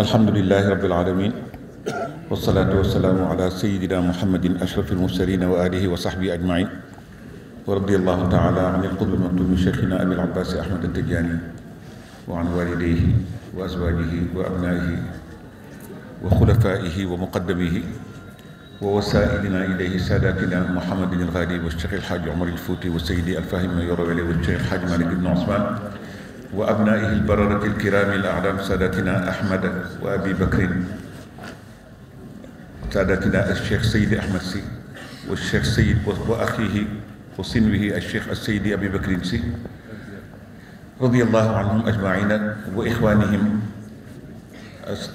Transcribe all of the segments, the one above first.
الحمد لله رب العالمين والصلاة والسلام على سيدنا محمد أشرف المرسلين وآله وصحبه أجمعين ورضي الله تعالى عن القدر المقدوم شيخنا أبي العباس أحمد التجاني وعن والديه وأزواجه وأبنائه وخلفائه ومقدميه ووسائلنا إليه ساداتنا محمد الغالي والشيخ الحاج عمر الفوتي والسيدي الفاهم يروي والشيخ الحاج مالك بن عثمان وأبنائه البررة الكرام الأعلام سادتنا أحمد وأبي بكر سادتنا الشيخ سيد أحمد سي والشيخ سيد وأخيه وصنوه الشيخ السيد أبي بكر سي رضي الله عنهم أجمعين وإخوانهم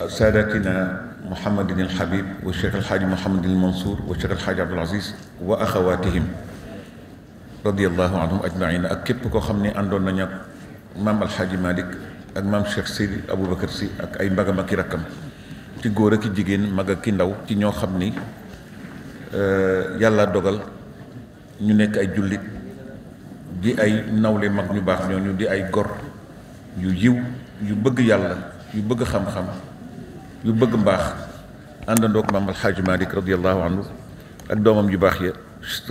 سادتنا محمد الحبيب والشيخ الحاج محمد المنصور والشيخ الحاج عبد العزيز وأخواتهم رضي الله عنهم أجمعين ak خمني أندون xam maam alxaaji Malick ak maam Cheikh Seydi Aboubacar si ak ay mbagam ak rakkam ci góor ak i jigéen mag ak ndaw ci ñoo xam ni euh, yàlla dogal ñu nekk ay jullit di ay nawle mag ñu baax ñooñu di ay gor yu yiw yu bëgg yàlla yu bëgg xam-xam yu bëgg mbaax àndandoog maam alxaaji Malick radiallahu anhu ak doomam yu baax ya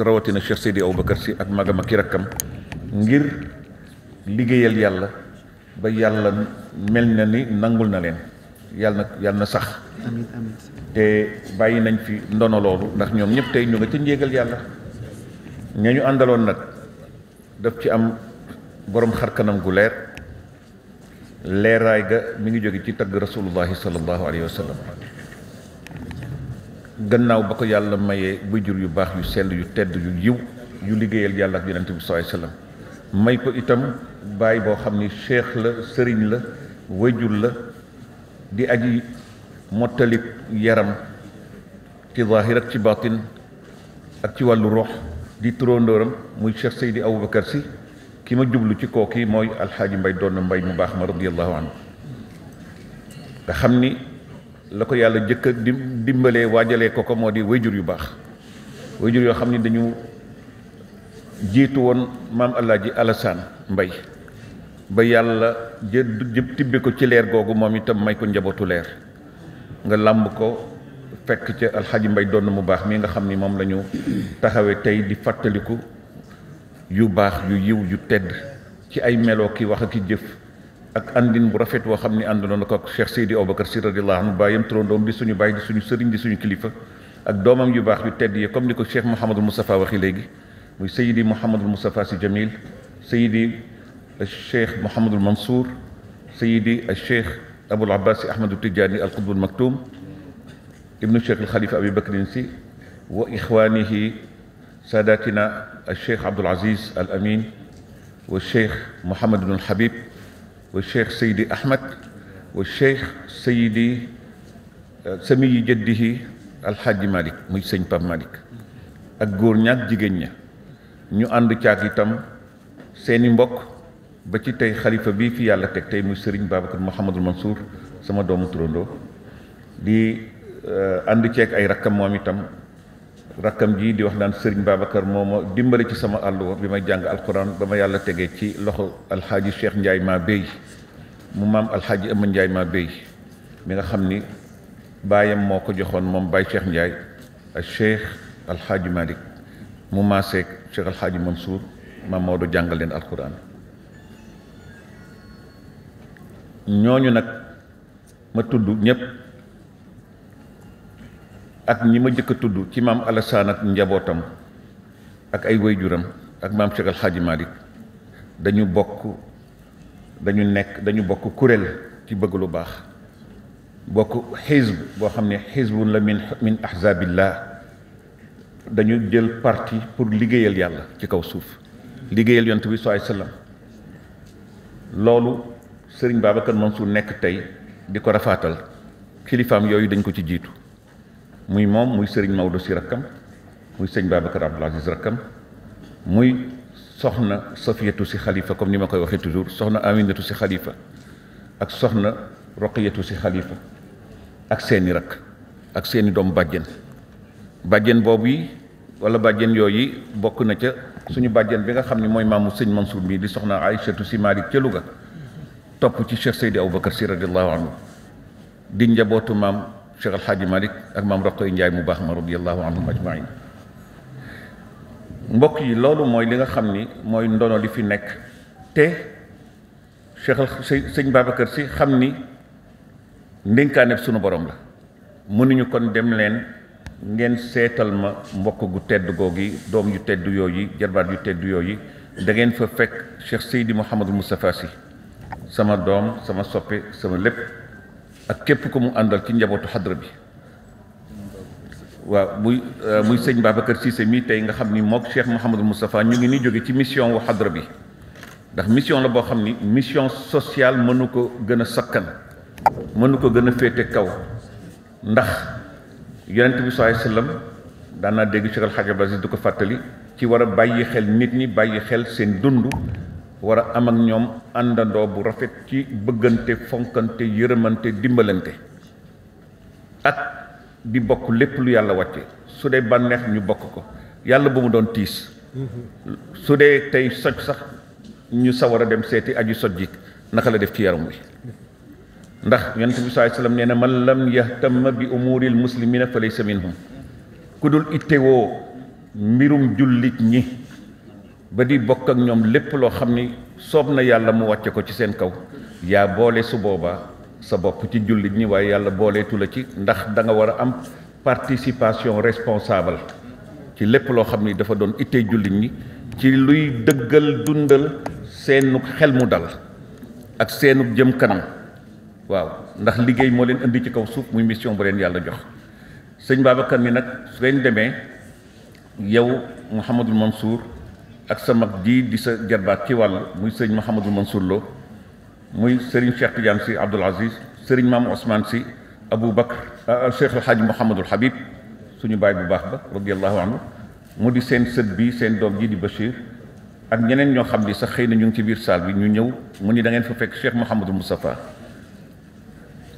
rawatina Cheikh Seydi Aboubacar si ak magam ak rakkam ngir liggéeyal yàlla ba yàlla mel na ni nangul na leen yàlla na yàlla na sax te bàyyi nañ fi ndono loolu ndax ñoom ñëpp tey ñu nga njéegal yàlla ña ñu àndaloon nag daf ci am boroom xarkanam gu leer leeraay ga mu ngi jóge ci tagg rasulullahi sallallahu alayhi wa sallam gannaaw ba ko yàlla mayee waajur yu baax yu sell yu tedd yu yiw yu liggéeyal yàlla ak yonent bi sallallahu alayhi may ko itam baay boo xam ni cheikh la sëriñ la way jur la di aji mottalik yaram ci zahir ak ci batin ak ci wàllu rox di turandooram muy cheikh Seydi Aboubacar Sy ki ma jublu ci kook yi mooy alxaaji mbay doon mbay mu baax ma radiallahu anhu nga xam ni la ko yàlla jëkk ak dimbalee waajalee ko ko moo di jur yu baax wayjur yoo xam ni dañu jiitu woon maam alaaji Alassane Mbay ba yàlla jë jë tibbi ko ci leer googu moom itam may ko njabootu leer nga làmb ko fekk ca alxaji mbay doon mu baax mii nga xam ni moom lañu taxawee tey di fàttaliku yu baax yu yiw yu tedd ci ay meloo ki wax ak i jëf ak andin bu rafet woo xam ni àndoon na ko ak Cheikh Seydi Aboubacar Sy radiyallahu anhu bàyyam turandoom di suñu bàyyi di suñu sëriñ di suñu kilifa ak doomam yu baax yu tedd yi comme ni ko Cheikh Mouhamadul Moustapha waxi léegi muy Seydi Mouhamadul Moustapha Sy Jamil Seydi الشيخ محمد المنصور سيدي الشيخ أبو العباس أحمد التجاني القطب المكتوم ابن الشيخ الخليفة أبي بكر نسي وإخوانه ساداتنا الشيخ عبد العزيز الأمين والشيخ محمد بن الحبيب والشيخ سيدي أحمد والشيخ سيدي سمي جده الحاج مالك muy sëñ Pape Malick ak góor ñaak jigéen ña ñu ànd caag itam ba ci tey xalifa bii fi yàlla teg tey muy sëriñ Babacar Mouhamadul Mansour sama doomu turandoo di euh, ànd ceeg ay rakkam moom itam rakkam ji di wax naan sëriñ Babacar moo ma dimbali ci sama àll bi may jàng alquran ba ma yàlla tegee ci loxo alxaaji Cheikh Ndiaye maa béy mu maam alxaaji Ama Ndiaye maa béy mi nga xam ni baayam moo ko joxoon moom Baye Cheikh Ndiaye ak Cheikh alxaaji Malick mu maaseeg Cheikh alxaaji Mansour maam Maodo jàngal leen alquran. ñooñu nag ma tudd ñëpp ak ñi ma jëkk a tudd ci maam Alassane ak njabootam ak ay wayjuram ak maam Cheikh Al Hadji dañu bokk dañu nekk dañu bokk kuréel ci bëgg lu baax bokk xisb boo xam ne xisbun la min min ahzabillah dañu jël parti pour liggéeyal yàlla ci kaw suuf liggéeyal yonent bi sallallahu alayhi wasallam loolu sëriñ Babacar Mansour nekk tey di ko rafaatal kilifaam yooyu dañ ko ci jiitu muy moom muy sëriñ Maodo si rakkam muy sëñ Babacar Abdoul Aziz rakkam muy soxna Safiyatu si xalifa comme ni ma koy waxee toujours soxna Aminatu si xalifa ak soxna Roqiyatu si xalifa ak seeni rakk ak seeni doom bàjjen bàjjen boobu yi wala bàjjen yooyu bokk na ca suñu bàjjen bi nga xam ne mooy maamu sëñ Mansour bii di soxna Aïchatu si Malick ca Louga topp ci Cheikh Seydi Aboubacar si radiallahu anhu di njabootu maam Cheikh El Hadj ak maam Roqoy Njaay mu baax ma radiallahu anhum ajmain mbokk yi loolu mooy li nga xam ni mooy ndono li fi nekk te Cheikh sëñ Babacar si xam ni ndénkaaneb sunu borom la mënuñu kon dem leen ngeen seetal ma mbokk gu tedd googi doom yu tedd yooyu jarbaat yu tedd yooyu da ngeen fa fekk Cheikh Seydi Mouhamadul Moustapha Sy sama doom sama soppe sama lépp ak képp ko mu àndal ci njabootu xadra bi waaw muy euh, muy sëñ Babacar Cissé mi tey nga xam ni mook Cheikh Mouhamadou Moustapha ñu ngi ni jóge ci mission wu xadra bi ndax mission la boo xam ni mission sociale mënu ko gën a sakkan mënu ko gën a féete kaw ndax yonent bi sallallahu alayhi wasallam daan naa dégg Cheikh Al Hadj Abdou Aziz du ko fàttali ci wara bàyyi xel nit ñi bàyyi xel seen dund war a am ak ñoom àndandoo bu rafet ci bëggante fonkante yërëmante dimbalante ak di bokk lépp lu yàlla wàcce su dee bànneex ñu bokk ko yàlla bu mu doon tiis su dee tey soj sax ñu sawar a dem seeti aju soj ji naka la def ci yaram wi ndax yonent bi saa sallam nee na man lam yahtam bi umuril muslimina fa laysa minhum ku dul ittewoo mbirum jullit ñi ba di bokk ak ñoom lépp loo xam ni soob na yàlla mu wàcce ko ci seen kaw yaa boole su boobaa sa bopp ci jullit ñi waaye yàlla booleetu la ci ndax danga war a am participation responsable ci lépp loo xam ni dafa doon ittee jullit ñi ci luy dëggal dundal seenu xel mu dal ak seenu jëm kanam waaw ndax liggéey moo leen indi ci kaw suuf muy mission ba leen yàlla jox sëñ Babacar mi nag su demee yow Mouhamadul Mansour ak sa mag ji di sa jarbaat ci wàll muy sëriñ Mouhamadou Mansour Lo muy sëriñ Cheikh Tidiane si Abdoul Aziz sëriñ Maam Ousmane si Abou Bakr ah, ah, Cheikh El Hadj Mouhamadul Habib suñu baay bu baax ba radiallahu anhu mu di seen sët bi seen doom ji di Bachir ak ñeneen ñoo xam ni sax xëy na ñu ngi ci biir salle bi ñu ñëw mu ni dangeen fa fekk Cheikh Mouhamadou Moustapha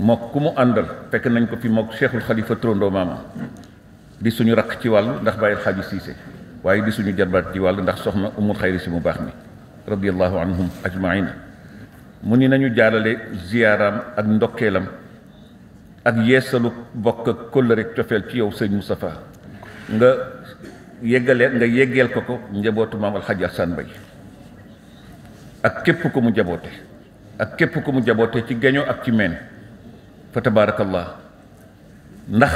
mook ku mu àndal fekk nañ ko fi mook Cheikhul Khalifa Trondo Maama di suñu rakk ci wàll ndax bàyyi xaaji waaye di suñu jarbaat ji wàll ndax soxna umul xayri si mu baax mi radiallahu anhum ajmaina mu ni nañu jaarale ziyaaraam ak ndokkeelam ak yeesalu bokk ak kóllëre cofeel ci yow sëñ Moustapha nga yeggalee nga yeggeel ko ko njabootu maam alxaji Assane Mbaye ak képp ko mu jaboote ak képp ko mu jaboote ci geño ak ci meen fa tabaarakallah ndax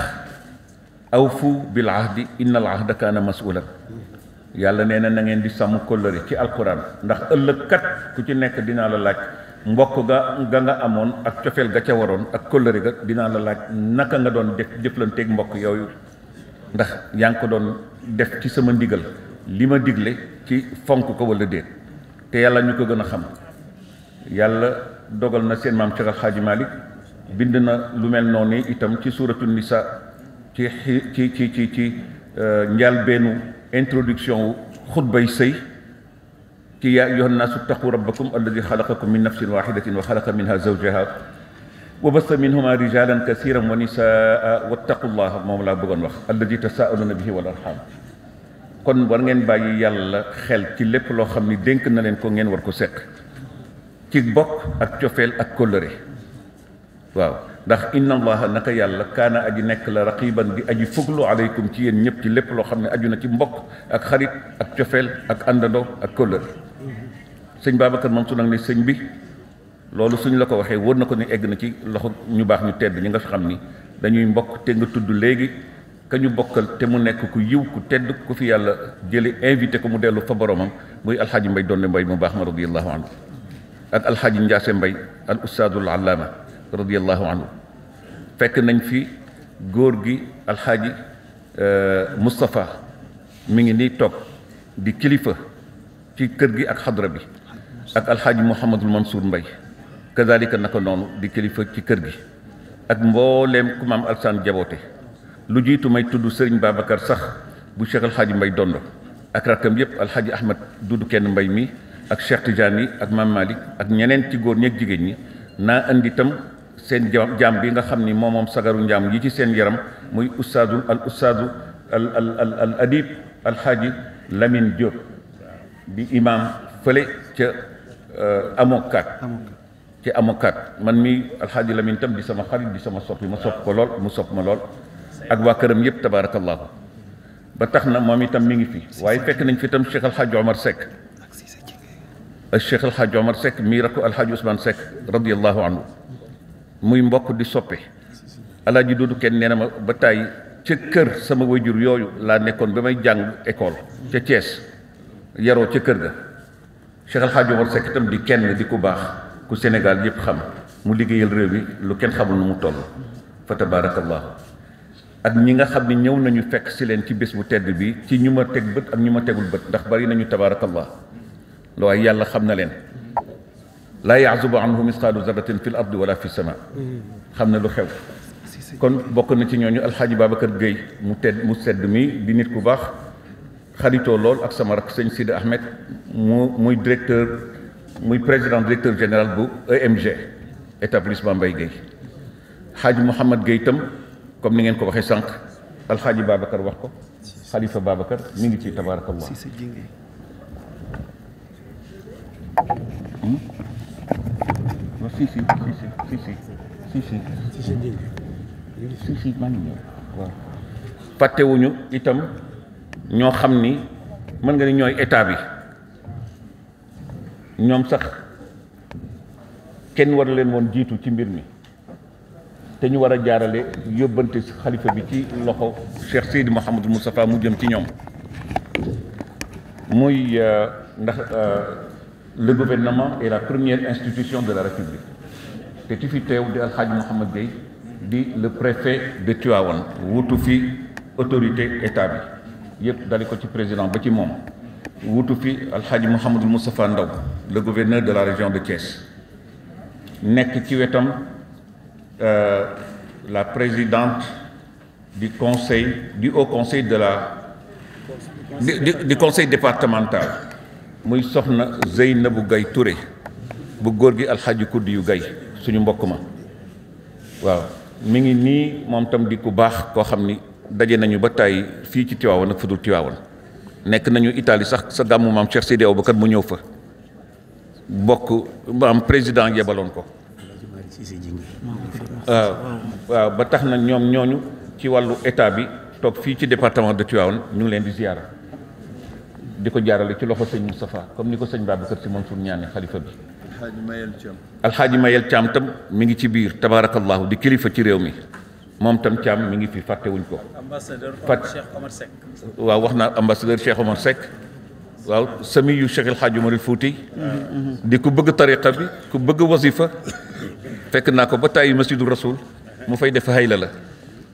awfu bil ahdi innal ahda kana mas'ulan yalla neena na ngeen di sam kolere ci alquran ndax ëlëk kat ku ci nekk dina la laaj mbokk ga nga amon ak ciofel ga ca waron ak kolere ga dina la laaj naka nga doon jëflante ak mbokk yoyu ndax yang ko doon def ci sama ndigal lima digle ci fonk ko wala deet te yalla ñuko gëna xam yalla dogal na seen mam ci xaji malik bind na lu mel itam ci suratul nisa ci ci ci ci ci njalbeenu introduction wu xutbay sëy ci yaa ayyuhan naasu taqu rabbakum alladi xalaqakum min nafsin waxidatin wa xalaqa minha zawjaha وبث rijalan رجالا كثيرا ونساء واتقوا الله موم لا بغون واخ الذي تساءلون به والارحام kon war ngeen bàyyi yàlla xel ci lépp loo xam ni dénk na leen ko ngeen war ko sekk ci bokk ak cofeel ak kóllëre waaw ndax inna allaha naka yàlla kana aji nek la raqiban bi aji fuglu alaykum ci yéen ñëpp ci lépp lo xamne ne na ci mbokk ak xarit ak tiofel ak àndandoo ak koleur seigne babakar moom su nag ne seigne bi lolu suñ la ko waxee wër na ni egg na ci loxu ñu bax ñu tedd ñi nga xamni dañuy mbokk te nga tuddu legi ka ñu bokkal te mu nek ku yiw ku tedd ku fi yàlla jeli invité ko mu delu fa boromam muy alhaji mbay donne mbay mu baax ma radiallahu anhu ak alhaji ndiasse mbay al ustaadul allaama radiallahu anhu fekk nañ fi góor gi alxaaji Moustapha mi ngi nii toog di kilifa ci kër gi ak xadra bi ak alxaaji Mouhamadul Mansour Mbay kazalika naka noonu di kilifa ci kër gi ak mbooleem ku maam Alsaan jaboote lu jiitu may tudd Sëriñ Babacar sax bu Cheikh alxaaji Mbay dondo ak rakkam yépp alxaaji Ahmed Dudu kenn Mbay mi ak Cheikh Tidiane yi ak maam Malick ak ñeneen ci góor ñeeg jigéen ñi naa indi tam seen jaam bi nga xam ni moom moom sagaru njaam yi ci seen yaram muy ustaadu al ustaadu al al al adib alxaaji Lamine Diop di imam fële ca amokat ci amokat man mi alxaaji Lamine tam di sama xarit di sama soppi ma sopp ko lool mu sopp ma lool ak waa këram yëpp tabaarakallaahu ba tax na moom itam mi ngi fi waaye fekk nañ fi itam Cheikh Alxaaji Omar Seck Cheikh Alxaaji Omar Seck mii rakku Alxaaji Ousmane Seck radiallahu anhu muy mbokk di soppe alaaji doodu kenn nee na ma ba tàyyi ca kër sama wajur yooyu laa nekkoon ba may jàng école ca Thiès yaroo ca kër ga Cheikh El Hadj Omar Seck itam di kenn di ku baax ku Sénégal yëpp xam mu liggéeyal réew mi lu kenn xamul nu mu toll fa tabarakallah ak ñi nga xam ni ñëw nañu fekk si leen ci bés mu tedd bi ci ñu ma teg bët ak ñu ma tegul bët ndax bari nañu tabarakallah waaye yàlla xam na leen لا يعزب عنه مثقال ذرة في الأرض ولا في السماء خمنا له خوف كون بوكو نتي نيو الحاج بابكر جاي متد مسد مي دي نيت كو باخ خاليتو لول اك سما رك سيني سيد احمد موي ديريكتور موي بريزيدنت ديريكتور جنرال بو اي ام جي ايتابليسمون باي جاي حاج محمد جاي تم كوم ني نين كو واخي سانك الحاج بابكر واخكو خليفه بابكر ميغي تي تبارك الله si si fàttewuñu itam ñoo xam ni mën nga ni ñooy état bi ñoom sax kenn war leen woon jiitu ci mbir mi te ñu war a jaarale yóbbante xalifa bi ci loxo Cheikh Seydi Mouhamadou Moustapha mu jëm ci ñoom muy euh, ndax euh, le gouvernement est la première institution de la République te ci fi Al di Mohamed Gay, dit di le préfet de Tivaouane wutu fi autorité état bi yëpp dali ko ci président ba ci moom wutu fi Alxaaji Mouhamadou Moustapha Ndaw le gouverneur de la région de Thiès Nek ci euh, la présidente du conseil du haut conseil de la du conseil départemental muy soxna Zeynabu Gay ture bu góor gi alxaaji kuddi yu gay suñu mbokk ma waaw mu ngi nii moom tam di ku baax koo xam ni daje nañu ba tàyyi fii ci Tiwaawan ak fudul Tiwaawan nekk nañu Italie sax sa gàmmu maam Cheikh Sidi Aboubacar mu ñëw fa bokk maam président yebaloon ko waaw ba tax na ñoom ñooñu ci wàllu état bi toog fii ci département de Tivaouane ñu ngi leen di ziyaara diko ko jaarale ci loxo seigne Moustapha comme niko seigne Babacar Sy Mansour ñane khalifa bi al hadji Mayel cham tam mi ngi ci biir tabaarakallahu di kilifa ci réew mi moom tam cham mi ngi fi faté wuñ ko ambassadeur cheikh omar sek wa waxna ambassadeur Cheikh Omar sek wa sami yu Cheikh al hadji Omar Fouti di ku bëgg tariqa bi ku bëgg wazifa fekk naa ba tàyyi masjidul rasul mu fay def hayla la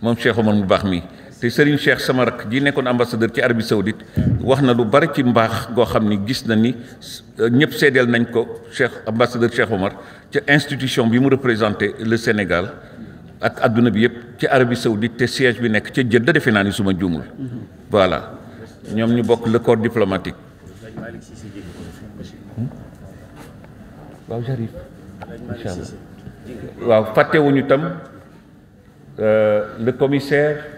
moom Cheikh Omar mu baax mi te Serigne Cheikh sama rakk ji nekkoon ambassadeur ci Arabie Saoudite wax na lu bari ci mbaax goo xam ni gis na ni euh, ñëpp seedeel nañ ko Cheikh ambassadeur Cheikh Omar ca institution bi mu représenté le Sénégal ak àdduna bi yëpp ci Arabie Saoudite te siège bi nekk ca Jeddah defe naa ni suma juumul voilà ñoom ñu bokk le corps hmm? waaw fàttewuñu tam euh, le commissaire.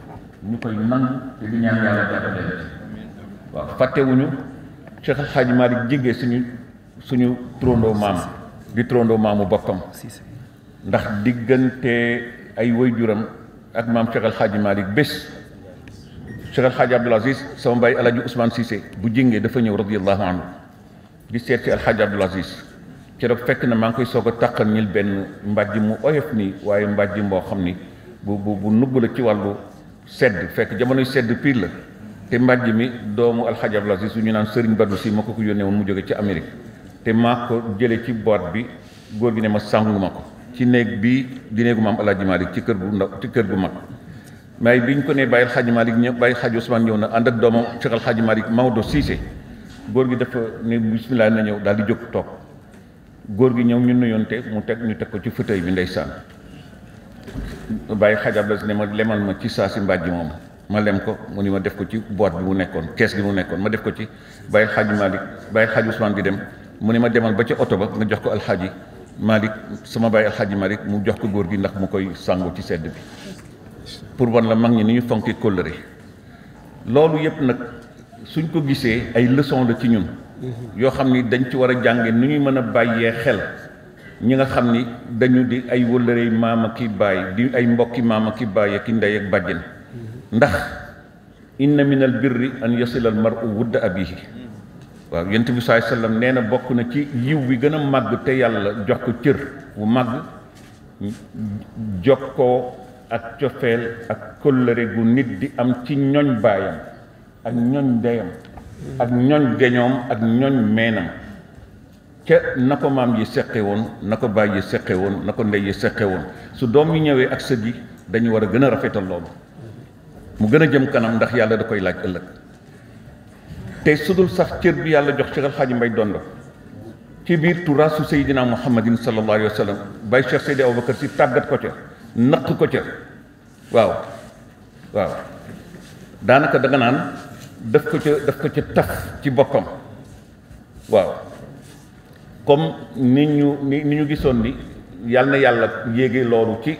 ñu koy nangu te di ñaan yàlla jàpp leen waaw fàttewuñu cheikh alhaji malik jigee suñu suñu turandoo maam di turandoo maamu boppam ndax diggante ay wayjuram ak maam cheikh alhaji malik bés cheikh alhaji abdul aziz sama mbay alhaji ousmane cissé bu jingee dafa ñëw radiyallahu anhu di seet al alhaji abdul aziz ci rek fekk na maa ngi koy soog a ñil benn mbàjj mu oyof ni waaye mbàjj mboo xam ni bu bu bu nubb la ci wàllu sedd fekk jamonoy sedd piir la te mbàjj mi doomu alxaaj Abdul Asiis su ñu naan sëriñ Badou si ma ko ko yónnee woon mu jóge ci Amérique te maa ko jële ci boîte bi góor gi ne ma sàngu ma ko ci néeg bi di néegu maam alaaji Maalik ci kër gu ndaw ci kër gu mag may bi ñu ko nee bàyyi alxaaj Maalik ñëw bàyyi alxaaj Usmaan ñëw na ànd ak doomam Cheikh alxaaj Maalik Maodo Cissé góor gi dafa ne bismillah na ñëw daal di jóg toog góor gi ñëw ñu nuyoonte mu teg ñu teg ko ci fauteuil bi ndeysaan bàyyi xajab la ne ma lemal ma ci saa si mbaaj ji moom ma lem ko mu ni ma def ko ci boot bi mu nekkoon kees gi mu nekkoon ma def ko ci bàyyi xaaju Malick bàyyi xaaju Ousmane bi dem mu ne ma demal ba ca oto ba nga jox ko alxaaji Malick sama bàyyi alxaaji Malick mu jox ko góor gi ndax mu koy sangu ci sedd bi pour wan la mag ñi ni ñu fonki kóllëre loolu yëpp nag suñ ko gisee ay lëson la ci ñun mm-hmm. yoo xam ni dañ ci war a jànge ni ñuy mën a bàyyee xel ñi nga xam ni dañu di ay wëllërey maama ki baay di ay mbokki maama ki baay ak ndey ak bàjjen ndax inna minal birri an yasilal mar'u wudda abihi waaw yent bi saai sallam nee na bokk na ci yiw wi gën a màgg te yàlla jox ko cër bu màgg ko ak cofeel ak kóllëre gu nit di am ci ñoñ baayam ak ñoñ deyam ak ñoñ geñoom ak ñoñ meenam ca na ko maam yi seqe woon na ko baay yi seqe woon na ko ndey yi seqe woon su doom yi ñëwee ak sët yi dañu war a gën a rafetal loolu mu gën a jëm kanam ndax yàlla da koy laaj ëllëg te sudul sax cër bi yàlla jox Cheikh Alxaaji Mbay la ci biir turaasu Seydina Muhammadin sallallahu alayhi wa sallam Baye Cheikh Seydi Aboubacar si tàggat ko ca naq ko ca waaw waaw daanaka da naan def ko ca def ko ca taf ci boppam waaw comme ni ñu ni ñu gisoon ni yàlla yàlla yéege loolu ci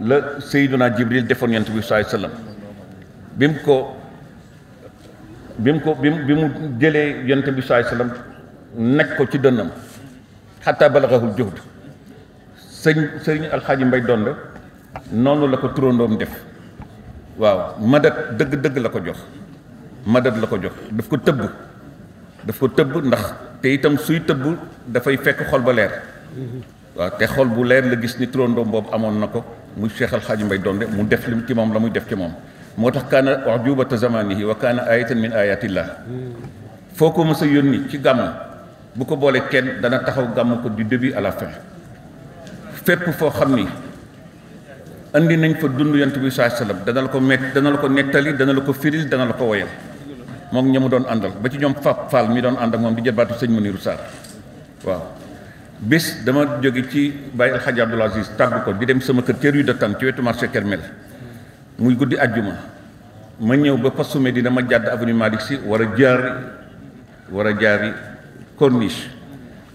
la Seyduna Jibril defoon yonent bi saai sallam bi mu ko bi mu bi bi mu jëlee yonent bi saai sallam nekk ko ci dënnam xataa balaxahul juhd sëñ sëriñ alxaaji mbay dond noonu la ko turandoom def waaw madat dëgg-dëgg la ko jox madat la ko jox daf ko tëbb daf ko tëbb ndax te itam suy tëbb dafay fekk xol ba leer waaw te xol bu leer la gis ni turandoom boobu amoon na ko muy Cheikh Al Hadj Mbaye Donde mu def lim ci moom la muy def ci moom moo tax kaana ujubata zamanihi wa kaana ayatan min ayatillah foo ko mës a yónni ci gàmm bu ko boole kenn dana taxaw gàmm ko di début à la fépp foo xam ni andi nañ fa dund yant bi saa sallam dana la ko mett dana la ko nettali dana la ko firil dana la ko woyal moom ñamu doon andal ba ci ñoom fab fall mi doon ànd ak moom di jëbaatu sëñ Muniru waaw bis dama jóge ci al El Hadj Abdoul Aziz tàgg ko di dem sama kër ca rue de Tam ci wetu marché Kermel muy guddi àjjuma ma ñëw ba postu Medina ma jàdd avenue malik si wara a wara war a corniche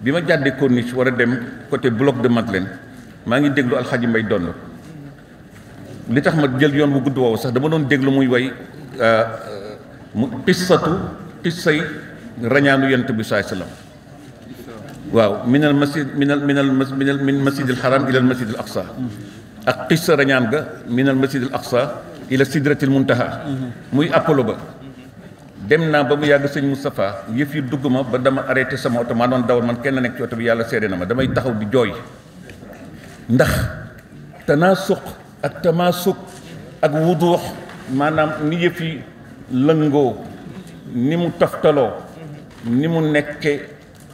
ma corniche war dem côté bloc de Madeleine maa ngi déglu Al Hadj Mbaye donn li tax ma jël yoon bu gudd woowu sax dama doon déglu muy way euh, mu qissatu qissay rañaanu yent bi saai sallam waaw min al masjid min al min al min al min masjid al haram ila al ak qissa rañaan ga min al masjid al aqsa ila sidratil muntaha muy apollo ba dem naa ba mu yàgg sëñ Moustapha yëf yi dugg ma ba dama arrêté sama oto maa doon dawal man kenn nekk ci oto bi yàlla seede na ma damay taxaw di jooy ndax tanaasuq ak tamaasuq ak wuduux maanaam ni yëf yi lëngoo ni mu toftaloo ni mu nekke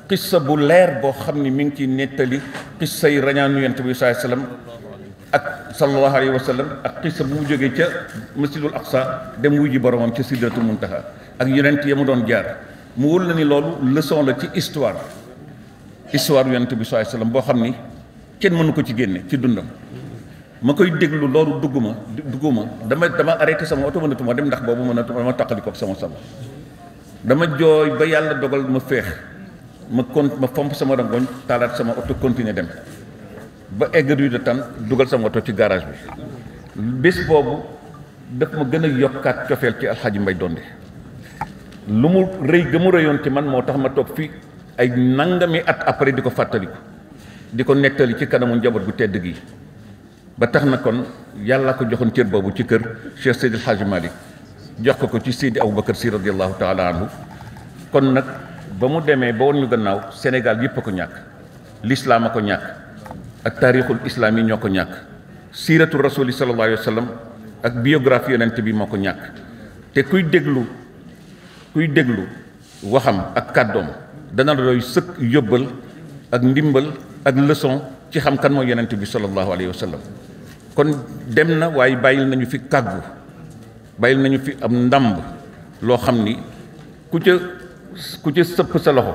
xissa bu leer boo xam ni mu ngi ci nettali xissa yi rañaanu yonent bi saai sallam ak sallallahu sa wa ak xissa bu mu jógee ca masjidul aqsa dem wuy ji boromam ca sidratul muntaha ak yonent ya mu doon jaar mu wóor la ni loolu leçon la ci histoire histoire yonent bi saai boo xam ni kenn mënu ko ci génne ci dundam ma koy déglu loolu dugg ma dugg ma dama dama arrêté sama oto ma dem ndax boobu mënatuma dama taqalikook sama sama dama jooy ba yàlla dogal ma feex ma kon ma fomp sama rangoñ taalaat sama oto continuer dem ba egg rue de Hann dugal sama oto ci garage bi bés boobu daf ma gën a yokkaat cofeel ci alxaaji Mbay Donde lu mu rëy ga mu rëyoon ci man moo tax ma toog fii ay nangami at après di ko fàttaliku di ko nettali ci kanamu njaboot bu tedd gi ba tax na kon yàlla ko joxoon cër boobu ci kër Cheikh Seydil Hadji Malick jox ko ko ci Seydi Aboubacar Sy radiallahu taala anhu kon nag ba mu demee ba woon ñu gannaaw Sénégal yëpp a ko ñàkk lislaam a ko ñàkk ak taarixul islaam yi ñoo ko ñàkk siiratu rasuli sallallahu alayhi ak biographie yonent bi moo ko ñàkk te kuy déglu kuy déglu waxam ak kàddoom dana doy sëkk yóbbal ak ndimbal ak leçon ci xam kan mooy yonent bi sallallahu alayhi wa sallam kon dem na waaye bàyyil nañu fi kàggu bàyyil nañu fi am ndàmb loo xam ni ku ca ku ca sëpp sa loxo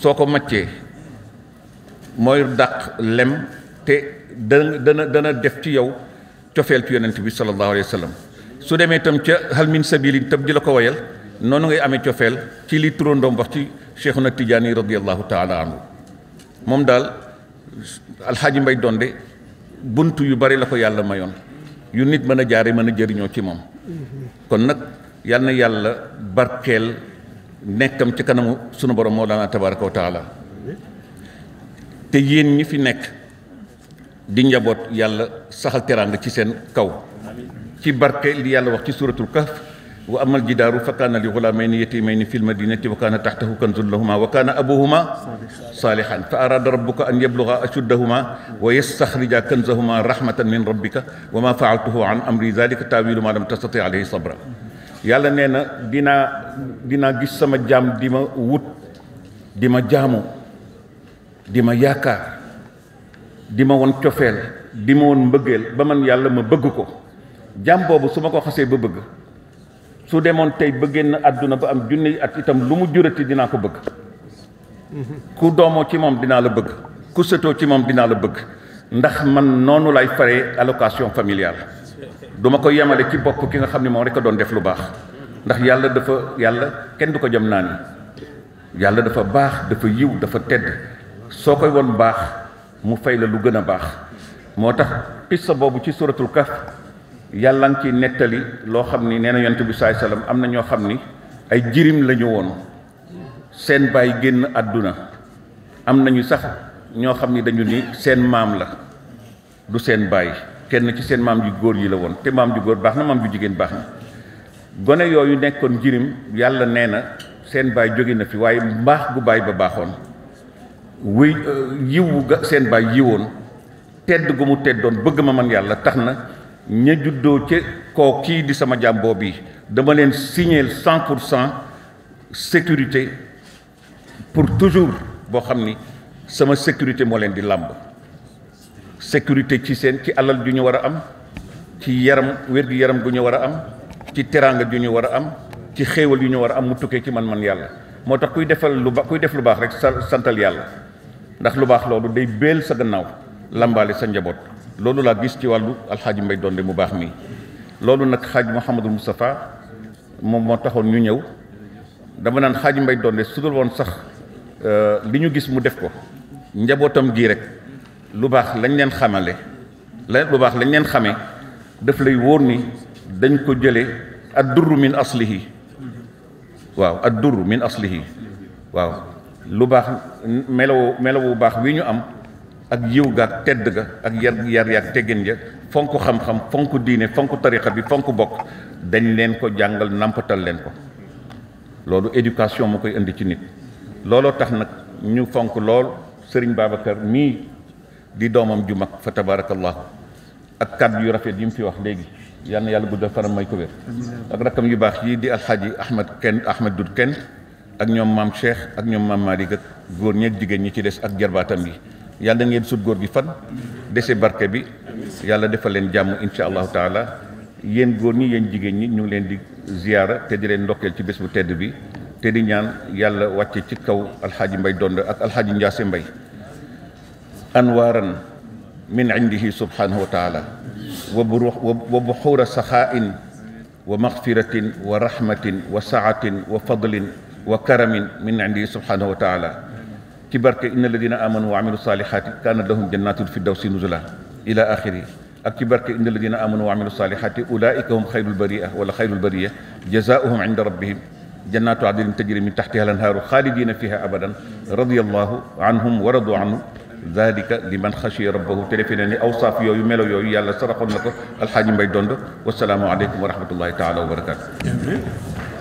soo ko maccee mooy dàq lem te dana dana dana def ci yow cofeel ci yonent bi sallallahu alayhi wa su demee tam ca hal min sabili tam di la ko woyal noonu ngay amee cofeel ci li turandoom wax ci Cheikhuna Tidiane radiyallahu taala anhu moom daal alxaaji mbay donde bunt yu bari la ko yàlla mayoon yu nit mën a jaare mën a jëriñoo ci moom kon nag yal na yàlla barkeel nekkam ci kanamu sunu borom moo daana tabaraka wa te yéen ñi fi nekk di njaboot yàlla saxal teraanga ci seen kaw ci barke li yàlla wax ci suuratul kaf وأما الجدار فكان لغلامين يتيمين في المدينة وكان تحته كنز لهما وكان أبوهما صالحا فأراد ربك أن يبلغ أشدهما ويستخرج كنزهما رحمة من ربك وما فعلته عن أمري ذلك تاويل ما لم تستطع عليه صبرا يالا نينا دينا دينا جيس سما جام ديما ووت ديما جامو ديما ma ديما di ma ديما di ma woon يالا ما ma جام بوبو ba man yàlla ma su demoon tey ba na àdduna ba am junni ak itam lu mu jurati dinaa ko bëgg ku doomoo ci moom dinaa la bëgg ku sëtoo ci moom dinaa la bëgg ndax man noonu lay fare allocation familiale duma ko yemale ci bopp ki nga xam ne moom rek a doon def lu baax ndax yàlla dafa yàlla kenn du ko jëm naa ni yàlla dafa baax dafa yiw dafa tedd soo koy woon baax mu fay la lu gën a baax moo tax pissa boobu ci suuratul kaf yàlla nga nettali loo xam ni nee na yonent bi saay salaam am na ñoo xam ni ay jirim lañu woon seen baay génn àdduna am nañu sax ñoo xam ni dañu ni seen maam la du seen baay kenn ci seen maam ju góor yi la woon te maam ju góor baax na maam ju jigéen baax na gone yooyu nekkoon jirim yàlla nee na seen baay jóge na fi waaye baax gu baay ba baaxoon wuy euh, yiwu ga seen baay yiwoon tedd gu mu teddoon bëgg ma man yàlla tax na ñi juddoo ci ko kii di sama jàmboo bi dama leen signer 100 pour cent sécurité pour toujours boo xam ni sama sécurité moo leen di làmb sécurité ci seen ci alal ju ñu war a am ci yaram wér-gu-yaram gu ñu war a am ci teraanga ju ñu war a am ci xéewal yu ñu war a am mu tukkee ci man-man yàlla moo tax kuy defal lu ba kuy def lu baax rek santal yàlla ndax lu baax loolu day béel sa gannaaw làmbaale sa njaboot lolou la gis ci wàllu alxaaji mbay donde mu bax mi lolou nak xaaj mohammed mustafa mom mo taxone ñu ñëw dama nan xaaji mbay donde sudul won sax euh liñu gis mu def ko njabotam gi rek lu bax lañ leen xamale la lu bax lañ leen xamé daf lay wor ni dañ ko jele ad durru min aslihi waaw ad durru min aslihi waaw lu bax melo melo bu bax wi ñu am ak yiw gaak tedd ga ak yar yar yaak teggin ja fonk xam-xam fonk diine fonk tarixa bi fonk bokk dañ leen ko jàngal nampatal leen ko loolu éducation mu koy indi ci nit looloo tax nag ñu fonk lool sëriñ Babacar mii di doomam ju mag fa tabarakallahu ak kàddu yu rafet yi mu fi wax léegi yal na yàlla guddal faram may ko wér ak rakkam yu baax yii di alxaaji ahmed kenn ahmed du kenn ak ñoom maam Cheikh ak ñoom maam Malick ak góor ñeeg jigéen ñi ci des ak jarbaatam yi yàlla ngeen sut góor gi fan dese barke bi yàlla defal leen jàmm incha allahu taala yéen góor ñi yéen jigéen ñi ñu ngi leen di ziyaara te di leen ndokkeel ci bés bu tedd bi te di ñaan yàlla wàcce ci kaw alxaaji mbay dond ak alxaaji njaase mbay anwaaran min indihi subhanahu wa taala wa buxuura saxaain wa maxfiratin wa rahmatin wa saatin wa fadlin wa karamin min indihi subhanahu wa taala تبارك إن الذين آمنوا وعملوا الصالحات كانت لهم جنات الفردوس نزلا إلى آخره أكبرك إن الذين آمنوا وعملوا الصالحات أولئك هم خير البريئة ولا خير البريئة جزاؤهم عند ربهم جنات عدل تجري من تحتها الأنهار خالدين فيها أبدا رضي الله عنهم ورضوا عنه ذلك لمن خشي ربه تلفنا أوصى في يوم ملو يوم يالا سرقوا لكم الحاجم والسلام عليكم ورحمة الله تعالى وبركاته